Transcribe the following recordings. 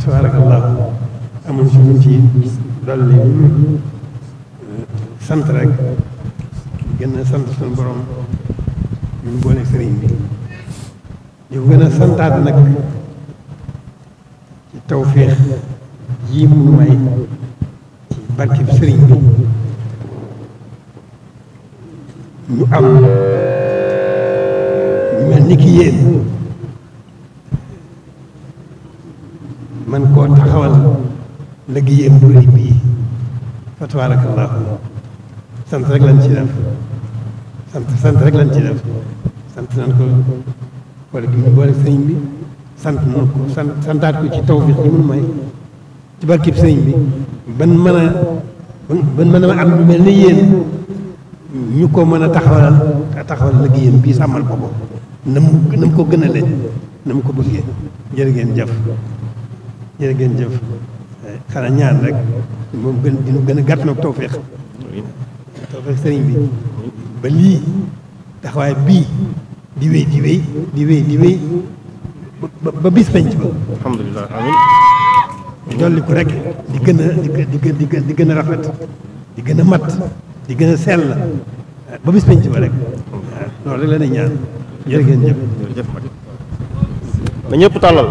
fa tabaarakallaahu amuñ ci luñ ci dolli sant rek gën a sant suñu borom ñu boole sëriñ bi di ko gën a santaat nag ci tawféex yii mu may ci sëriñ bi ñu am ñu mel ni ki man koo taxawal liggéeyam bu rëy bii fa tabaarakallaahu sant rek lañ ci def sant sant rek lañ ci def sant nañ ko boole gi boole sëñ bi sant nañ ko sant santaat ko ci tawfiq bi mun may ci barkib sëñ bi ban mën a ban mën a am lu mel ni yéen ñu ko mën a taxawalal taxawal liggéeyam bii sàmmal ko ko na mu na mu ko gën a leen na mu ko bëggee jërë ngeen jëf jërë ngeen jëf xanaa ñaan rek moom gën dinu gën a gàtt nag tawfeex tawfeex sëriñ bi ba lii taxawaay bii di wéy di wéy di wéy di wéy ba bis penc ba alhamdulilah amin di dolli ko rek di gën a di gën di gën di gën a rafet di gën a mat di gën a sell ba bis penc ba rek waaw loolu rek la ñaan jërë ngeen jëf jërëjëf ma tàllal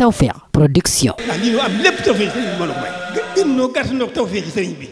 Tawfekh Production. ah am lépp tawfeer ci sëriñ bi mën a may. gën noo gàtt noo tawfeer ci sëriñ bi.